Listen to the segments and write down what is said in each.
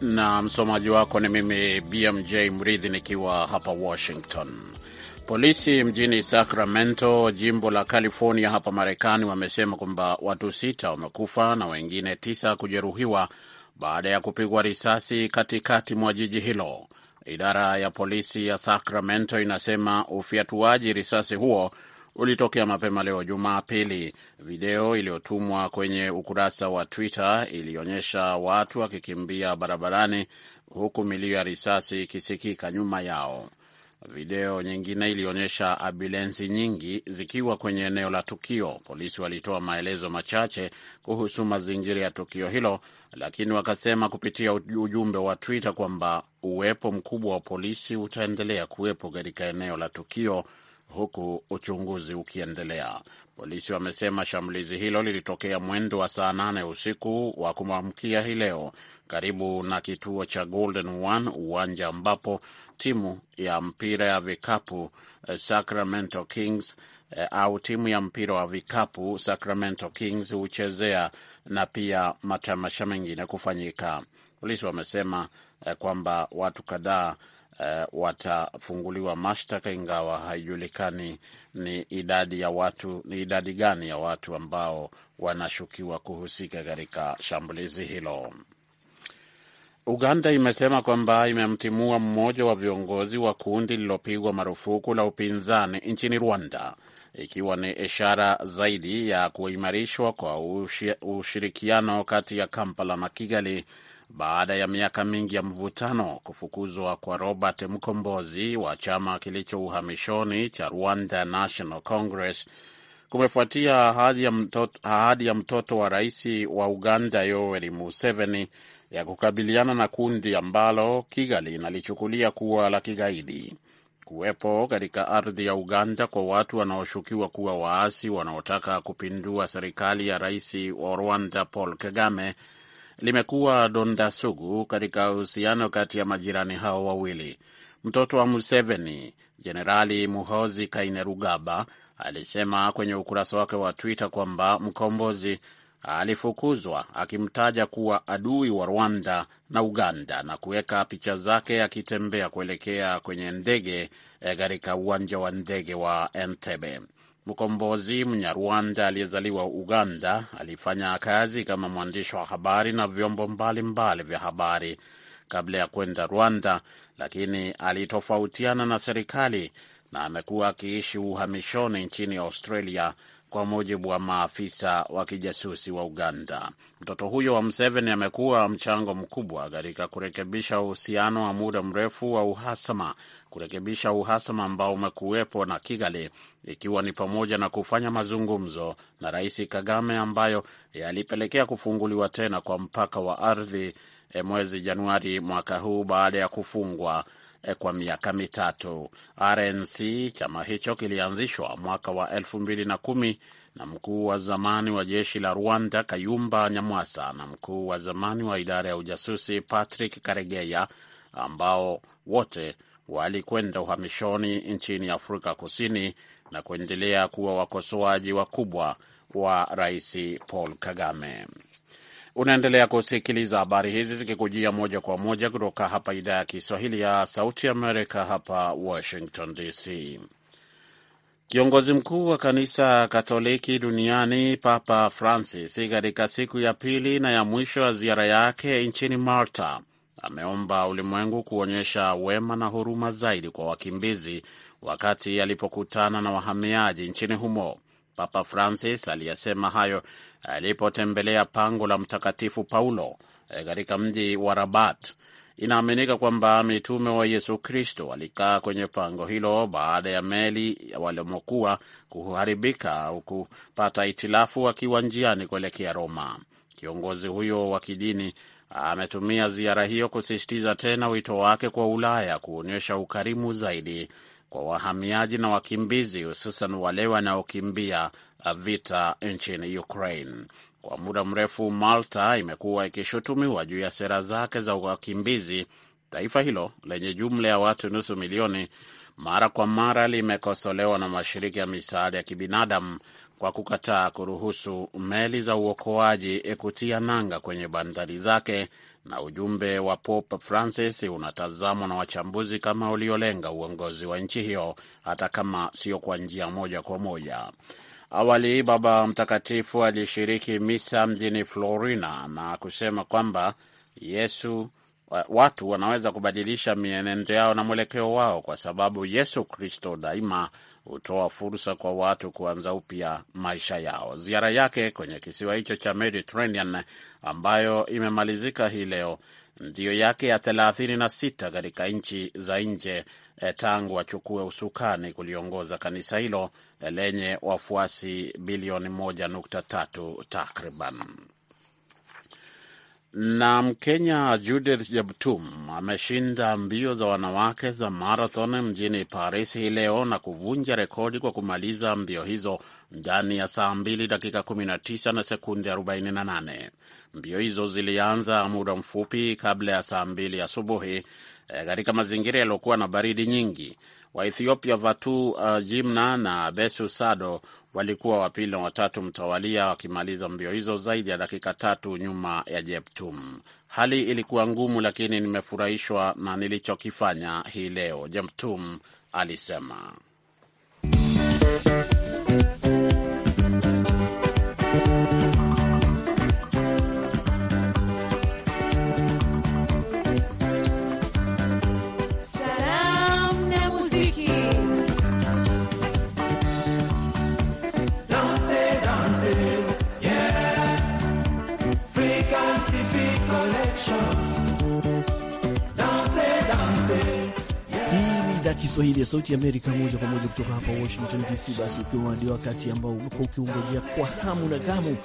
na msomaji wako ni mimi BMJ Mridhi nikiwa hapa Washington. Polisi mjini Sacramento, jimbo la California hapa Marekani, wamesema kwamba watu sita wamekufa na wengine tisa kujeruhiwa baada ya kupigwa risasi katikati mwa jiji hilo. Idara ya polisi ya Sacramento inasema ufyatuaji risasi huo ulitokea mapema leo Jumapili. Video iliyotumwa kwenye ukurasa wa Twitter ilionyesha watu wakikimbia barabarani huku milio ya risasi ikisikika nyuma yao. Video nyingine ilionyesha ambulensi nyingi zikiwa kwenye eneo la tukio. Polisi walitoa maelezo machache kuhusu mazingira ya tukio hilo, lakini wakasema kupitia ujumbe wa Twitter kwamba uwepo mkubwa wa polisi utaendelea kuwepo katika eneo la tukio huku uchunguzi ukiendelea. Polisi wamesema shambulizi hilo lilitokea mwendo wa saa nane usiku wa kumwamkia hii leo karibu na kituo cha Golden One, uwanja ambapo timu ya mpira ya vikapu eh, Sacramento Kings eh, au timu ya mpira wa vikapu Sacramento Kings huchezea na pia matamasha mengine kufanyika. Polisi wamesema eh, kwamba watu kadhaa uh, watafunguliwa mashtaka, ingawa haijulikani ni idadi ya watu, ni idadi gani ya watu ambao wanashukiwa kuhusika katika shambulizi hilo. Uganda imesema kwamba imemtimua mmoja wa viongozi wa kundi lililopigwa marufuku la upinzani nchini Rwanda, ikiwa ni ishara zaidi ya kuimarishwa kwa ushirikiano kati ya Kampala na Kigali baada ya miaka mingi ya mvutano, kufukuzwa kwa Robert Mkombozi wa chama kilicho uhamishoni cha Rwanda National Congress kumefuatia ahadi ya mtoto, ahadi ya mtoto wa rais wa Uganda Yoweri Museveni ya kukabiliana na kundi ambalo Kigali inalichukulia kuwa la kigaidi. Kuwepo katika ardhi ya Uganda kwa watu wanaoshukiwa kuwa waasi wanaotaka kupindua serikali ya rais wa Rwanda Paul Kagame limekuwa donda sugu katika uhusiano kati ya majirani hao wawili. Mtoto wa Museveni, Jenerali Muhozi Kainerugaba, alisema kwenye ukurasa wake wa Twitter kwamba mkombozi alifukuzwa akimtaja kuwa adui wa Rwanda na Uganda na kuweka picha zake akitembea kuelekea kwenye ndege eh, katika uwanja wa ndege wa Entebbe. Mkombozi Mnyarwanda aliyezaliwa Uganda alifanya kazi kama mwandishi wa habari na vyombo mbalimbali vya habari kabla ya kwenda Rwanda, lakini alitofautiana na serikali na amekuwa akiishi uhamishoni nchini Australia kwa mujibu wa maafisa wa kijasusi wa Uganda. Mtoto huyo wa Museveni amekuwa mchango mkubwa katika kurekebisha uhusiano wa muda mrefu wa uhasama, kurekebisha uhasama ambao umekuwepo na Kigali, ikiwa ni pamoja na kufanya mazungumzo na Rais Kagame ambayo yalipelekea kufunguliwa tena kwa mpaka wa ardhi eh, mwezi Januari mwaka huu baada ya kufungwa Eh, kwa miaka mitatu. RNC chama hicho kilianzishwa mwaka wa elfu mbili na kumi na mkuu wa zamani wa jeshi la Rwanda Kayumba Nyamwasa na mkuu wa zamani wa idara ya ujasusi Patrick Karegeya ambao wote walikwenda uhamishoni nchini Afrika Kusini na kuendelea kuwa wakosoaji wakubwa wa Rais Paul Kagame. Unaendelea kusikiliza habari hizi zikikujia moja kwa moja kutoka hapa idhaa ya Kiswahili ya Sauti Amerika, hapa Washington DC. Kiongozi mkuu wa kanisa Katoliki duniani Papa Francis, katika siku ya pili na ya mwisho ya ziara yake nchini Malta, ameomba ulimwengu kuonyesha wema na huruma zaidi kwa wakimbizi wakati alipokutana na wahamiaji nchini humo. Papa Francis aliyesema hayo alipotembelea pango la Mtakatifu Paulo e, katika mji wa Rabat. Inaaminika kwamba mitume wa Yesu Kristo walikaa kwenye pango hilo baada ya meli walimokuwa kuharibika au kupata itilafu wakiwa njiani kuelekea Roma. Kiongozi huyo wa kidini ametumia ziara hiyo kusisitiza tena wito wake kwa Ulaya kuonyesha ukarimu zaidi kwa wahamiaji na wakimbizi, hususan wale wanaokimbia Uh, vita nchini Ukraine. Kwa muda mrefu, Malta imekuwa ikishutumiwa juu ya sera zake za wakimbizi. Taifa hilo lenye jumla ya watu nusu milioni mara kwa mara limekosolewa na mashirika ya misaada ya kibinadamu kwa kukataa kuruhusu meli za uokoaji kutia nanga kwenye bandari zake, na ujumbe wa Pope Francis unatazamwa na wachambuzi kama uliolenga uongozi wa nchi hiyo, hata kama sio kwa njia moja kwa moja. Awali Baba Mtakatifu alishiriki misa mjini Florina na kusema kwamba Yesu, watu wanaweza kubadilisha mienendo yao na mwelekeo wao kwa sababu Yesu Kristo daima hutoa fursa kwa watu kuanza upya maisha yao. Ziara yake kwenye kisiwa hicho cha Mediterranean ambayo imemalizika hii leo ndiyo yake ya thelathini na sita katika nchi za nje eh, tangu achukue usukani kuliongoza kanisa hilo lenye wafuasi bilioni 1.3 takriban. Na Mkenya Judith Jeptum ameshinda mbio za wanawake za marathon mjini Paris hii leo na kuvunja rekodi kwa kumaliza mbio hizo ndani ya saa 2 dakika 19 na sekunde 48. Mbio hizo zilianza muda mfupi kabla ya saa 2 asubuhi eh, katika mazingira yaliyokuwa na baridi nyingi wa Ethiopia Vatu uh, Jimna na besu Sado walikuwa wa pili na watatu mtawalia, wakimaliza mbio hizo zaidi ya dakika tatu nyuma ya Jeptum. Hali ilikuwa ngumu, lakini nimefurahishwa na nilichokifanya hii leo, Jeptum alisema. Kiswahili ya Sauti Amerika moja kwa moja kutoka hapa Washington DC. Basi ukiwa ndio wakati ambao umekuwa ukiungojea kwa hamu na gamu,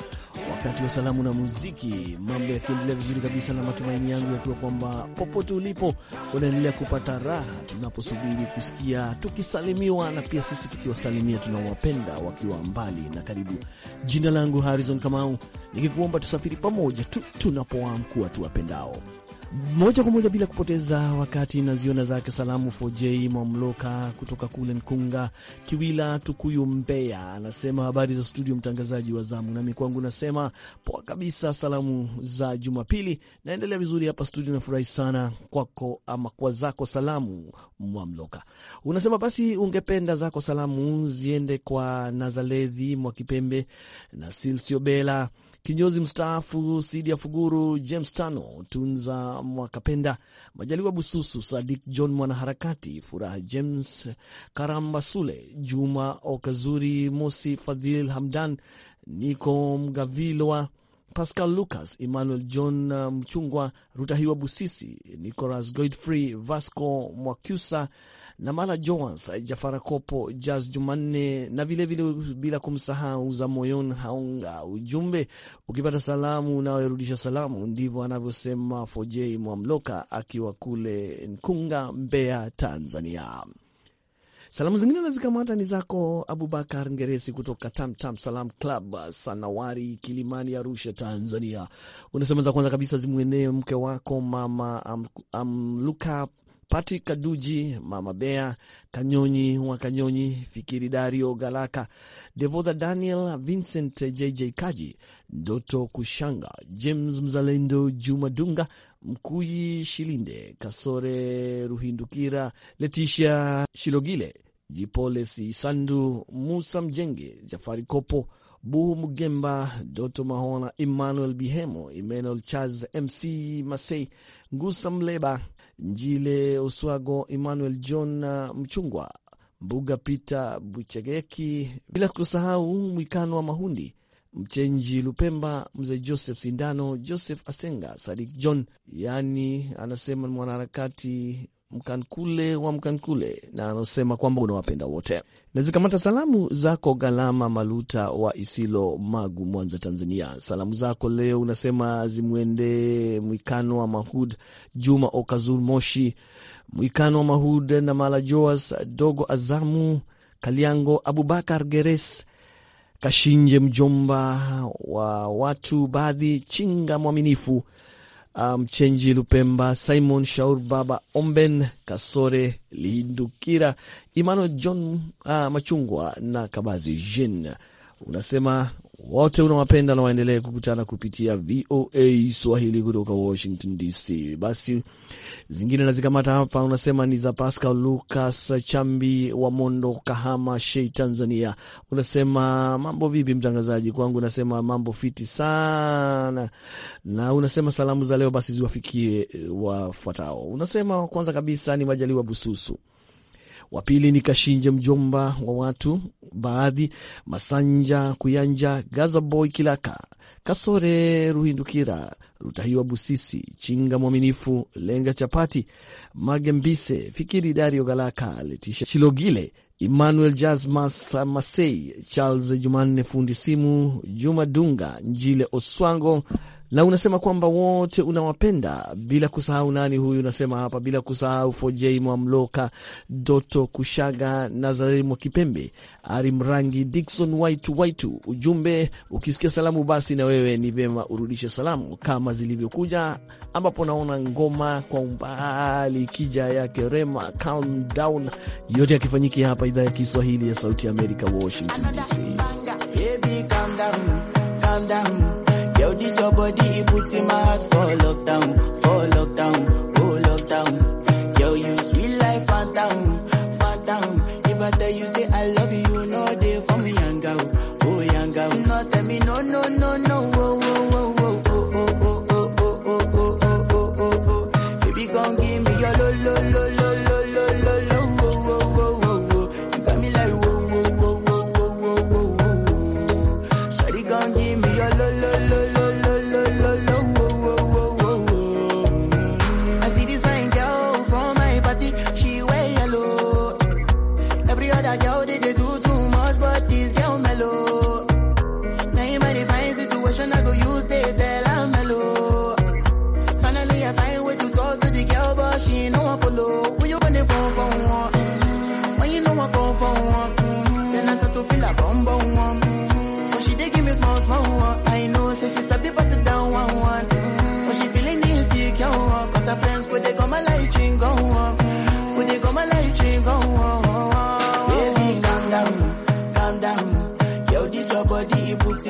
wakati wa salamu na muziki, mambo yakiendelea vizuri kabisa, na matumaini yangu yakiwa kwamba popote ulipo unaendelea kupata raha tunaposubiri kusikia tukisalimiwa, na pia sisi tukiwasalimia tunawapenda wakiwa mbali na karibu. Jina langu Harrison Kamau, nikikuomba tusafiri pamoja tu tunapoamkua tuwapendao moja kwa moja bila kupoteza wakati, naziona zake salamu FJ Mwamloka kutoka kule Nkunga Kiwila, Tukuyu, Mbeya. Anasema habari za studio, mtangazaji wa zamu. Nami kwangu nasema poa kabisa, salamu za Jumapili, naendelea vizuri hapa studio. Nafurahi sana kwako ama kwa zako salamu. Mwamloka unasema basi ungependa zako salamu ziende kwa Nazalethi Mwakipembe na Silsio Bela kinyozi mstaafu Sidia Fuguru, James Tano, Tunza Mwakapenda, Majaliwa Bususu, Sadik John mwanaharakati, Furaha James, Karamba Sule, Juma Okazuri, Mosi Fadhil Hamdan, Niko Mgavilwa, Pascal Lucas, Emmanuel John Mchungwa, Rutahiwa Busisi, Nicolas Godfrey, Vasco Mwakyusa Namala Joans, Jafara Kopo, Jaz Jumanne na vilevile vile, bila kumsahau za moyon haunga. Ujumbe ukipata salamu unayorudisha salamu, ndivyo anavyosema Fojei Mwamloka akiwa kule Nkunga, Mbeya, Tanzania. Salamu zingine nazikamata ni zako Abubakar Ngeresi kutoka Tamtam Salam Club, Sanawari, Kilimani, Arusha, Tanzania. Unasema za kwanza kabisa zimwenee mke wako Mama Amluka Patrick Kaduji, Mama Bea Kanyonyi wa Kanyonyi, Fikiri Dario Galaka, Devodha Daniel, Vincent JJ Kaji, Ndoto Kushanga, James Mzalendo, Juma Dunga, Mkuyi Shilinde, Kasore Ruhindukira, Letisha Shilogile, Jipole Sisandu, Musa Mjenge, Jafari Kopo, Buhu Mugemba, Doto Mahona, Emmanuel Bihemo, Emmanuel Charles, MC Masei, Ngusa Mleba Njile Oswago, Emmanuel John Mchungwa, Mbuga Peter Buchegeki, bila kusahau Mwikano wa Mahundi, Mchenji Lupemba, Mzee Joseph Sindano, Joseph Asenga, Sadik John, yaani anasema mwanaharakati Mkankule wa Mkankule na anasema kwamba unawapenda wote. Na zikamata salamu zako Galama Maluta wa Isilo, Magu, Mwanza, Tanzania. Salamu zako leo unasema zimwende Mwikano wa Mahud, Juma Okazur Moshi, Mwikano wa Mahud na Mala Joas, Dogo Azamu, Kaliango Abubakar Geres, Kashinje mjomba wa watu baadhi, Chinga Mwaminifu Mchenji um, Lupemba, Simon Shaur, Baba Omben Kasore, Lindukira Imano John uh, Machungwa na Kabazi jen Unasema wote unawapenda na waendelee kukutana kupitia VOA Swahili kutoka Washington DC. Basi zingine nazikamata hapa, unasema ni za Pascal Lucas Chambi wa Mondo, Kahama Shei, Tanzania. Unasema mambo vipi mtangazaji? Kwangu unasema mambo fiti sana, na unasema salamu za leo basi ziwafikie eh, wafuatao. Unasema kwanza kabisa ni Majaliwa Bususu wa pili ni Kashinje, mjomba wa watu baadhi, Masanja Kuyanja, Gazaboy Kilaka, Kasore Ruhindukira, Rutahiwa Busisi, Chinga Mwaminifu, Lenga Chapati, Magembise, Fikiri Dario Galaka, Letisha Chilogile, Emmanuel Jasmas Masei, Charles Jumanne, fundi simu Juma Dunga, Njile Oswango na unasema kwamba wote unawapenda bila kusahau nani huyu, unasema hapa bila kusahau Fojei Mwamloka, Doto Kushaga, Nazareli Mwakipembe, Ari Mrangi, Dikson Waitu Waitu. Ujumbe ukisikia salamu, basi na wewe ni vyema urudishe salamu kama zilivyokuja, ambapo naona ngoma kwa umbali kija yake Rema, calm down, yote yakifanyika hapa idhaa ya Kiswahili ya Sauti ya Amerika, Washington DC. calm down, calm down. this your body, it puts in my heart for lockdown, for lockdown.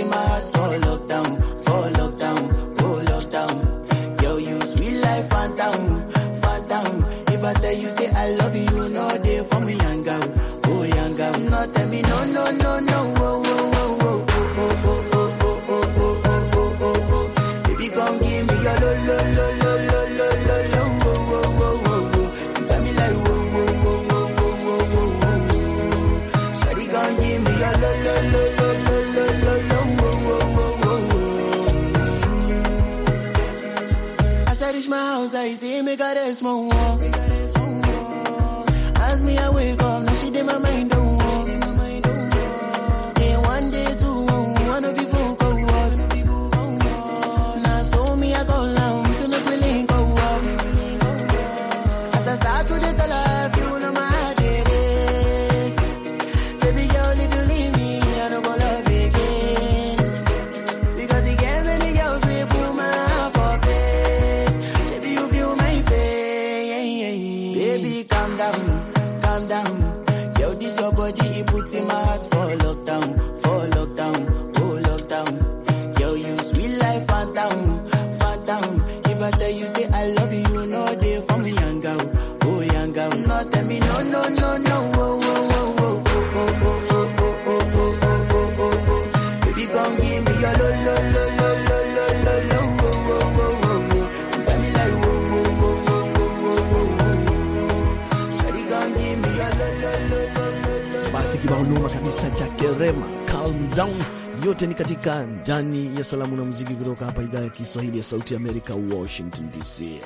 my heart. mesmo Basi kibao noma kabisa cha Kerema calm down. Yote ni katika ndani ya salamu na muziki kutoka hapa idhaa ya Kiswahili ya Sauti ya Amerika, Washington DC.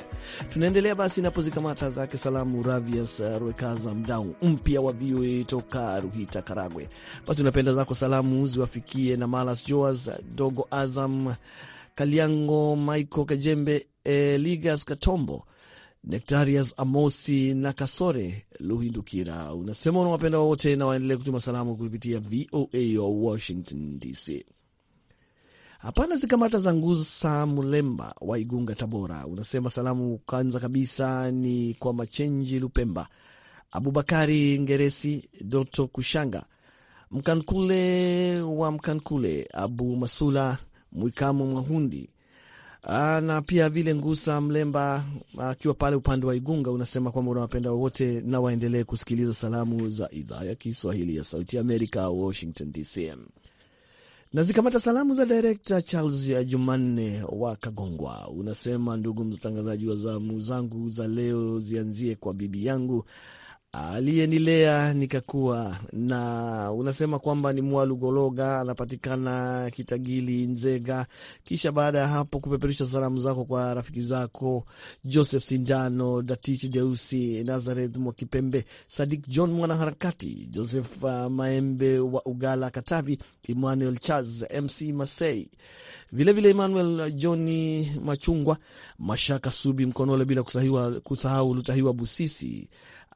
Tunaendelea basi napozikamata zake salamu Ravias uh, Rwekaza, mdau mpya wa VOA toka Ruhita, Karagwe. Basi unapenda zako salamu ziwafikie na Malas Joas Dogo, Azam Kaliango, Michael Kajembe, Eligas eh, Katombo Nektarias Amosi na Kasore Luhindukira. Unasema unawapenda wote na waendelee kutuma salamu kupitia VOA wa Washington DC. Hapana zikamata za Ngusa mlemba wa Igunga, Tabora. Unasema salamu kwanza kabisa ni kwa Machenji Lupemba, Abubakari Ngeresi, Doto Kushanga, Mkankule wa Mkankule, Abu Masula Mwikamu Mwahundi Ah, na pia vile Ngusa Mlemba ah, akiwa pale upande wa Igunga, unasema kwamba unawapenda wote na waendelee kusikiliza salamu za idhaa ya Kiswahili ya Sauti Amerika, Washington DC. Na zikamata salamu za direkta Charles Jumanne wa Kagongwa, unasema ndugu mtangazaji, wa zamu zangu za leo zianzie kwa bibi yangu aliyenilea nikakua. Na unasema kwamba ni mwalu gologa anapatikana Kitagili, Nzega. Kisha baada ya hapo kupeperusha salamu zako kwa rafiki zako Joseph Sindano, Datich Deusi, Nazareth Mwakipembe, Sadik John mwanaharakati, Joseph uh, Maembe wa Ugala, Katavi, Emmanuel Charles, Mc Masei, vilevile Emmanuel Johni Machungwa, Mashaka Subi Mkonole, bila kusahau Lutahiwa Busisi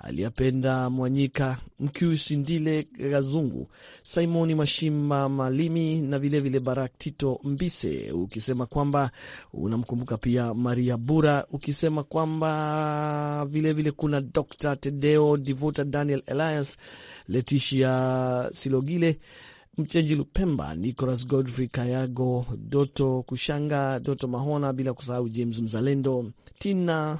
Aliyapenda Mwanyika, Mkusi Ndile, Kazungu, Simoni Mashima Malimi na vilevile vile Barak Tito Mbise, ukisema kwamba unamkumbuka pia Maria Bura, ukisema kwamba vilevile vile kuna Dr Tedeo Divota, Daniel Elias, letitia Silogile Mchenji Lupemba, Nicolas Godfrey Kayago, Doto Kushanga, Doto Mahona, bila kusahau James Mzalendo, Tina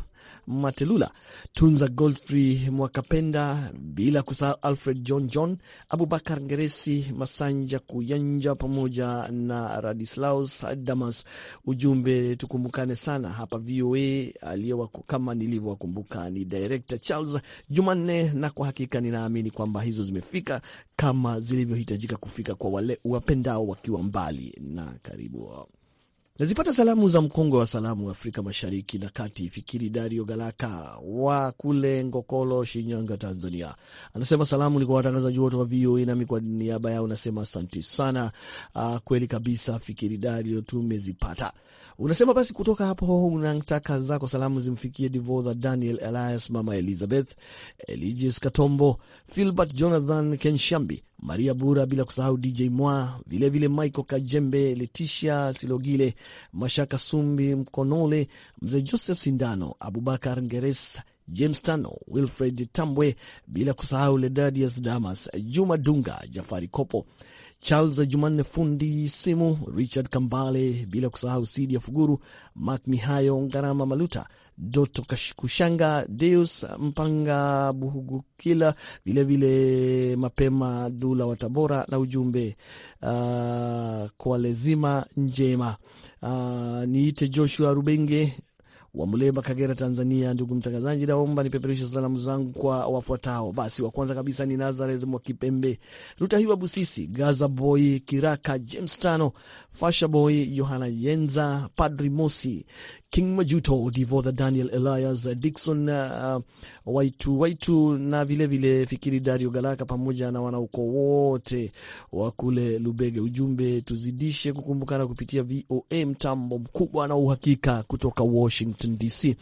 Matelula, Tunza Godfrey Mwakapenda, bila kusahau Alfred John John, Abubakar Ngeresi, Masanja Kuyanja pamoja na Radislaus Damas. Ujumbe tukumbukane sana hapa VOA. Aliyewa kama nilivyowakumbuka ni Director Charles Jumanne, na kwa hakika ninaamini kwamba hizo zimefika kama zilivyohitajika kufika kwa wale wapendao wakiwa mbali na karibu. Nazipata salamu za mkongwe wa salamu Afrika Mashariki na Kati, Fikiri Dario Galaka wa kule Ngokolo, Shinyanga, Tanzania. Anasema salamu ni kwa watangazaji wote wa VOA, nami kwa niaba yao nasema asanti sana. Uh, kweli kabisa Fikiri Dario, tumezipata Unasema basi kutoka hapo unataka zako salamu zimfikie Divodha Daniel Elias, Mama Elizabeth Eligius Katombo, Filbert Jonathan Kenshambi, Maria Bura, bila kusahau DJ Mwa, vilevile Michael Kajembe, Letitia Silogile, Mashaka Sumbi Mkonole, Mzee Joseph Sindano, Abubakar Ngeres, James Tano, Wilfred Tambwe, bila kusahau Ledadius Damas, Juma Dunga, Jafari Kopo Charles Jumanne, fundi simu Richard Kambale, bila kusahau Sidi ya Fuguru, Mak Mihayo, Ngarama Maluta, Doto Kushanga, Deus Mpanga Buhugukila, vilevile Mapema Dula wa Tabora na ujumbe uh, kwa lezima njema. Uh, niite Joshua Rubenge wa Muleba, Kagera, Tanzania. Ndugu mtangazaji, naomba nipeperushe salamu zangu kwa wafuatao. Basi wa kwanza kabisa ni Nazareth mwa Kipembe, Rutahiwa Busisi, Gaza Boy, Kiraka James Tano, Fasha Boy, Yohana Yenza, Padri Mosi, King Majuto, Divodha Daniel Elias, Dikson uh, Waitu Waitu na vilevile vile Fikiri Dario Galaka pamoja na wanauko wote wa kule Lubege. Ujumbe, tuzidishe kukumbukana kupitia VOA, mtambo mkubwa na uhakika kutoka Washington. Washington DC.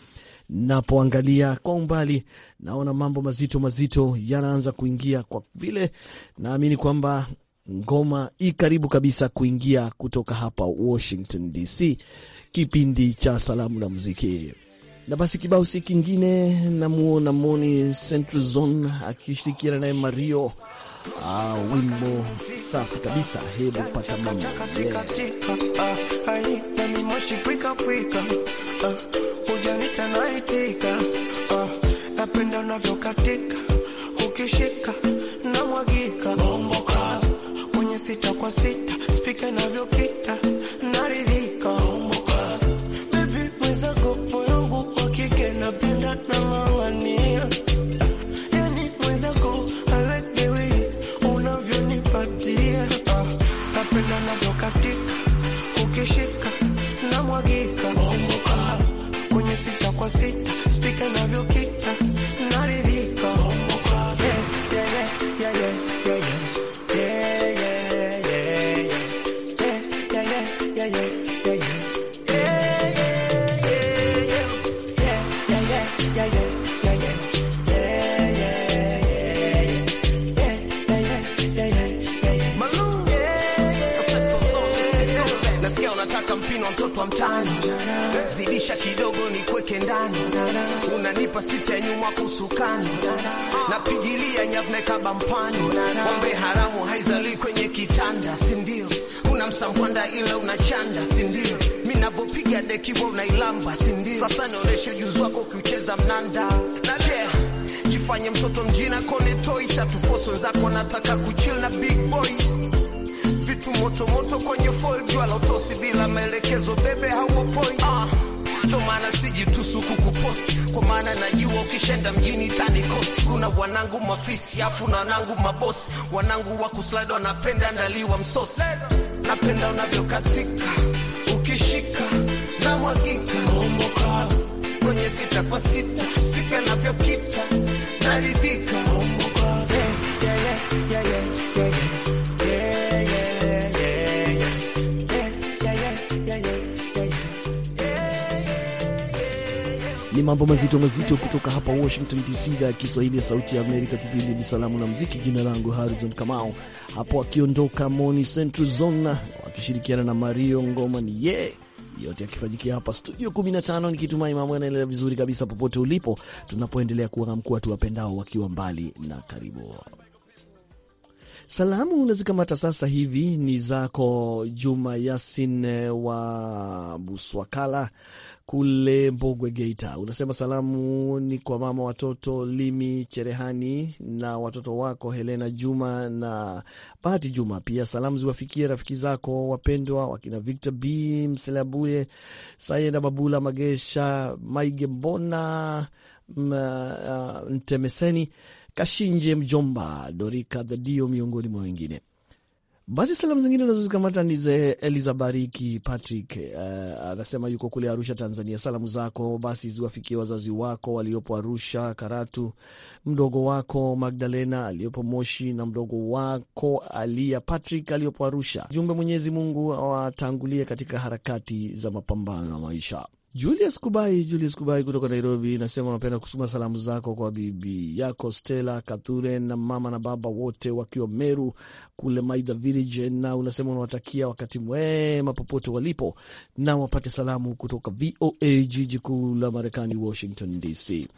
Napoangalia kwa umbali, naona mambo mazito mazito yanaanza kuingia, kwa vile naamini kwamba ngoma i karibu kabisa kuingia kutoka hapa Washington DC, kipindi cha salamu na muziki na basi kibao si kingine, namuona Moni Central Zone akishirikiana naye Mario. Ah, wimbo safi kabisa, hebu pata mambo ukiita naitika, ah, napenda unavyokatika, ukishika namwagika, bomboka kwenye sita kwa sita, spika inavyokita ndani, zidisha kidogo ni kweke ndani, unanipa sita nyuma kusukani, napigilia nyavne kabampani, pombe haramu haizali kwenye kitanda, si ndio? Unamsambwanda ila unachanda, si ndio? mi navyopiga deki wewe unailamba, si ndio? Sasa nionyeshe ujuzi wako ukiucheza mnanda jifanye mtoto mjina kone toys, atufoso zako nataka kuchill na big boys vitu moto moto kwenye fold jua la utosi bila maelekezo, bebe point ah. Ndo maana siji sijitusu kukupost kwa maana najua ukishenda mjini tani cost. Kuna wanangu mafisi afu na wanangu mabosi, wanangu wa kuslide wanapenda ndaliwa msosi, napenda unavyokatika ukishika na mwagika kwenye sita kwa sita, spika navyokita naridhika ni mambo mazito mazito kutoka hapa Washington DC, idhaa ya Kiswahili ya Sauti ya Amerika. Kipindi ni Salamu na Muziki. Jina langu Harrison Kamau. Hapo akiondoka Moni Central Zona wakishirikiana na Mario Ngoma ni ye yeah. Yote akifanyikia hapa studio 15, nikitumai mambo yanaendelea vizuri kabisa popote ulipo, tunapoendelea kuwaamkua wapendao wakiwa mbali na karibu. Salamu unazikamata sasa hivi ni zako Juma Yasin eh, wa Buswakala kule Mbogwe, Geita. Unasema salamu ni kwa mama watoto Limi Cherehani na watoto wako Helena Juma na Bahati Juma. Pia salamu ziwafikie rafiki zako wapendwa wakina Victor B Mselabuye, Sayenda Babula Magesha, Maige Mbona Mtemeseni, uh, Kashinje mjomba, Dorika Dhadio, miongoni mwa wengine. Basi salamu zingine nazozikamata ni za bariki Patrick, eh, anasema uh, yuko kule Arusha, Tanzania. Salamu zako basi ziwafikie wazazi wako waliopo Arusha, Karatu, mdogo wako Magdalena aliyopo Moshi na mdogo wako Alia Patrick aliyopo Arusha. Jumbe, Mwenyezi Mungu awatangulie katika harakati za mapambano ya maisha. Julius Kubai, Julius Kubai kutoka Nairobi nasema unapenda kusuma salamu zako kwa bibi yako Stella Kathure na mama na baba wote wakiwa Meru kule Maidha Village, na unasema unawatakia wakati mwema popote walipo na wapate salamu kutoka VOA jiji kuu la Marekani, Washington DC.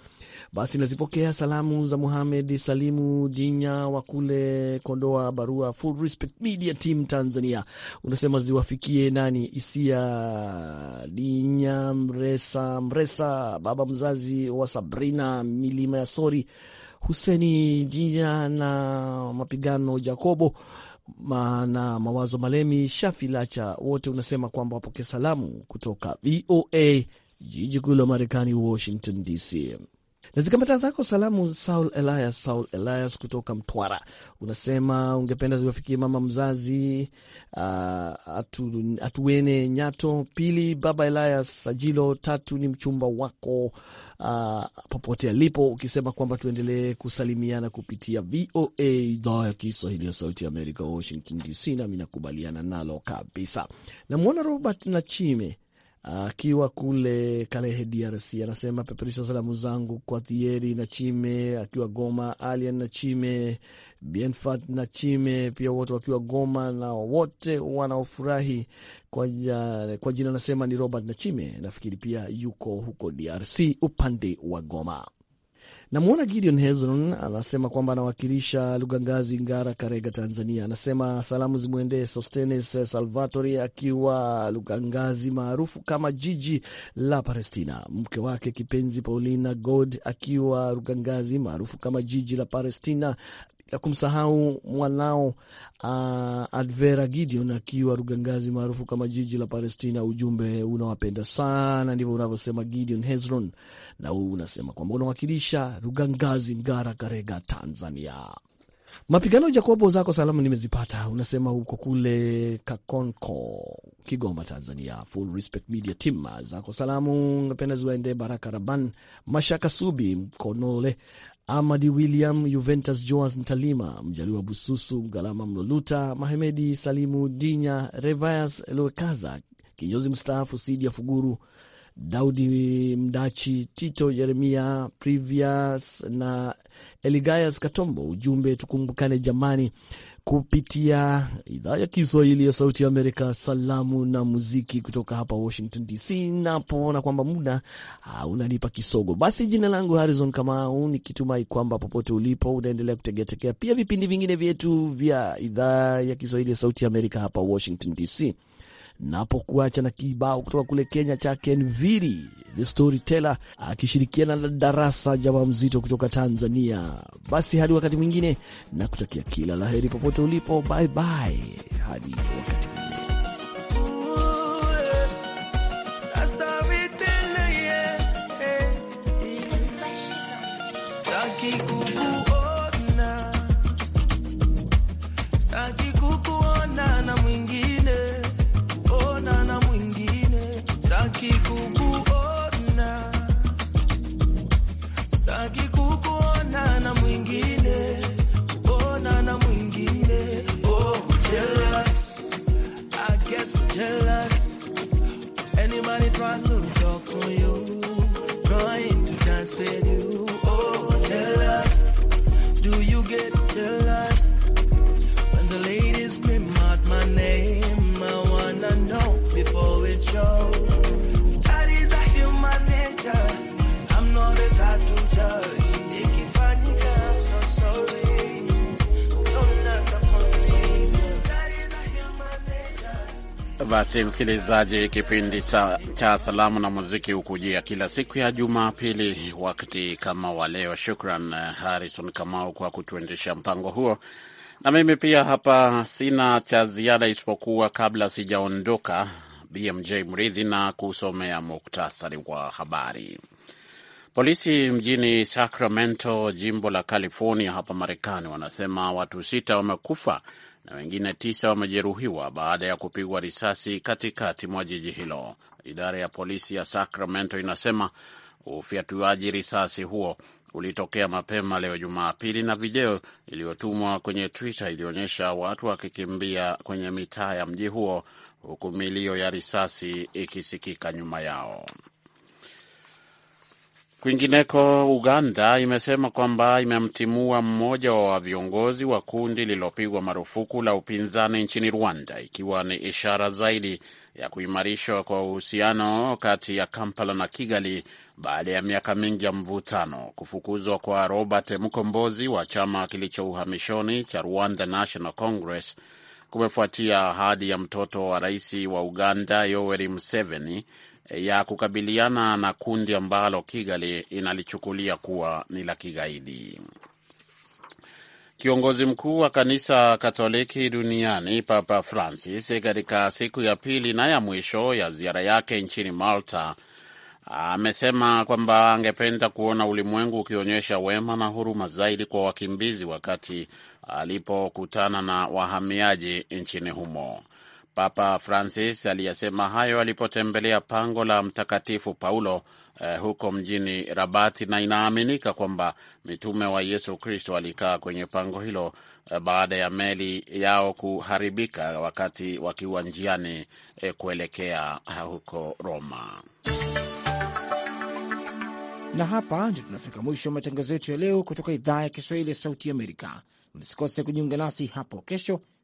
Basi nazipokea salamu za Muhamed Salimu Jinya wa kule Kondoa Barua. Full Respect Media Team Tanzania unasema ziwafikie nani? Isia Dinya Mresa Mresa, baba mzazi wa Sabrina Milima ya Sori, Huseni Jia na Mapigano Jacobo na Mawazo Malemi, Shafi Lacha, wote unasema kwamba wapokee salamu kutoka VOA jiji kuu la Marekani, Washington DC na zikamata zako salamu. Saul Elias, Saul Elias kutoka Mtwara, unasema ungependa ziwafikie mama mzazi uh, atu, Atuene Nyato, pili baba Elias Sajilo, tatu ni mchumba wako uh, popote alipo, ukisema kwamba tuendelee kusalimiana kupitia VOA idhaa ya Kiswahili ya Sauti ya Amerika, Washington DC, nami nakubaliana nalo kabisa. Namwona Robert Nachime akiwa kule Kalehe, DRC, anasema peperusha salamu zangu kwa Thieri na Chime akiwa Goma, Alian na Chime, Bienfat na Chime pia wote wakiwa Goma na wote wanaofurahi kwa jina anasema ni Robert na Chime, nafikiri pia yuko huko DRC upande wa Goma. Namwona Gideon Hezron anasema kwamba anawakilisha lugha ngazi Ngara, Karega, Tanzania. Anasema salamu zimwendee Sostenes Salvatori akiwa ngazi maarufu kama jiji la Palestina, mke wake kipenzi Paulina God akiwa ngazi maarufu kama jiji la Palestina, la kumsahau mwanao uh, Advera Gideon akiwa Rugangazi maarufu kama jiji la Palestina. Ujumbe unawapenda sana, ndivyo unavyosema Gideon Hezron, na huu unasema kwamba unawakilisha Rugangazi, Ngara, Karega, Tanzania. Mapigano Jakobo, zako salamu nimezipata. Unasema huko kule Kakonko, Kigoma, Tanzania. Full Respect Media Team, zako salamu napenda ziwaende Baraka Raban, Mashaka Subi, Mkonole Amadi William Juventus, Joas Ntalima, Mjaliwa Bususu, Galama Mloluta, Mahemedi Salimu Dinya, Revias Loekaza, kinyozi mstaafu sidi ya Fuguru, Daudi Mdachi, Tito Yeremia, privias na Eligayas Katombo. Ujumbe tukumbukane jamani, kupitia idhaa ya Kiswahili ya Sauti ya Amerika, salamu na muziki kutoka hapa Washington DC. Napoona kwamba muda unanipa kisogo, basi jina langu Harrison Kamau, nikitumai kwamba popote ulipo unaendelea kutegeategea pia vipindi vingine vyetu vya idhaa ya Kiswahili ya Sauti ya Amerika hapa Washington DC napokuacha na kibao kutoka kule Kenya cha Kenviri the Storyteller akishirikiana na Darasa, jamaa mzito kutoka Tanzania. Basi hadi wakati mwingine, nakutakia kila la heri popote ulipo. Bye bye, hadi wakati mwingine. Basi msikilizaji, kipindi sa, cha salamu na muziki hukujia kila siku ya Jumapili wakati kama wa leo. Shukran eh, Harrison Kamau kwa kutuendesha mpango huo, na mimi pia hapa sina cha ziada, isipokuwa kabla sijaondoka, BMJ Mridhi na kusomea muktasari wa habari. Polisi mjini Sacramento, jimbo la California hapa Marekani, wanasema watu sita wamekufa na wengine tisa wamejeruhiwa baada ya kupigwa risasi katikati mwa jiji hilo. Idara ya polisi ya Sacramento inasema ufyatuaji risasi huo ulitokea mapema leo Jumapili, na video iliyotumwa kwenye Twitter ilionyesha watu wakikimbia kwenye mitaa ya mji huo huku milio ya risasi ikisikika nyuma yao. Kwingineko, Uganda imesema kwamba imemtimua mmoja wa viongozi wa kundi lililopigwa marufuku la upinzani nchini Rwanda, ikiwa ni ishara zaidi ya kuimarishwa kwa uhusiano kati ya Kampala na Kigali baada ya miaka mingi ya mvutano. Kufukuzwa kwa Robert Mkombozi wa chama kilicho uhamishoni cha Rwanda National Congress kumefuatia ahadi ya mtoto wa rais wa Uganda Yoweri Museveni ya kukabiliana na kundi ambalo Kigali inalichukulia kuwa ni la kigaidi. Kiongozi mkuu wa kanisa Katoliki duniani Papa Francis, katika siku ya pili na ya mwisho ya ziara yake nchini Malta, amesema kwamba angependa kuona ulimwengu ukionyesha wema na huruma zaidi kwa wakimbizi wakati alipokutana na wahamiaji nchini humo. Papa Francis aliyasema hayo alipotembelea pango la Mtakatifu Paulo eh, huko mjini Rabati, na inaaminika kwamba mitume wa Yesu Kristo walikaa kwenye pango hilo eh, baada ya meli yao kuharibika wakati wakiwa njiani eh, kuelekea eh, huko Roma. Na hapa ndio tunafika mwisho wa matangazo yetu ya leo kutoka idhaa ya Kiswahili ya Sauti Amerika. Msikose kujiunga nasi hapo kesho